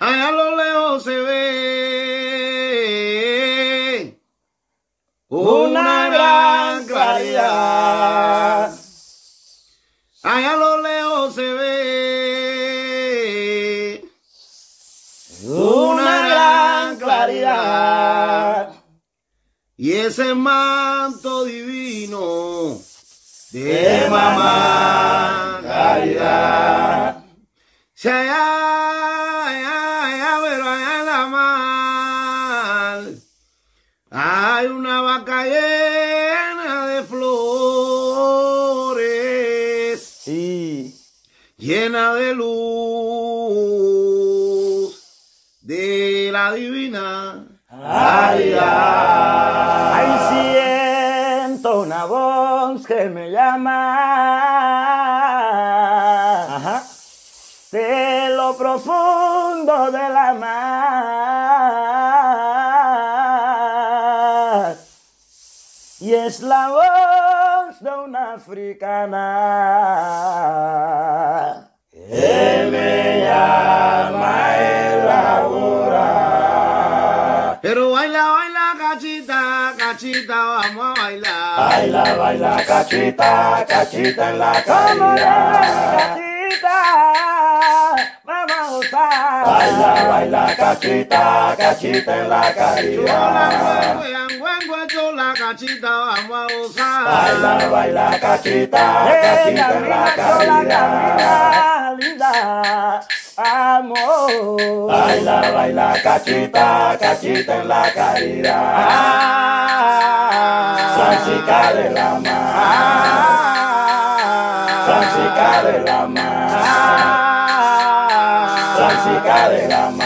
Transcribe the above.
Allá a lo lejos se ve una gran claridad. Allá a lo lejos se ve una gran claridad. Y ese manto divino de mamá caridad. Se hay una vaca llena de flores. y Llena de luz. De la divina. Hay siento una voz que me llama. profundo de la mar. Y es la voz de una africana. me llama el ahora. Pero baila, baila, cachita, cachita, vamos a bailar. Baila, baila, cachita, cachita en la cámara. Baila, baila, cachita, cachita en la carrera. Baila, baila, cachita, cachita en la Linda, Amor. Baila, baila, cachita, cachita en la caída. Ah. Francisca de la mar. Ah. Francisca de la mar. Ah. Macarena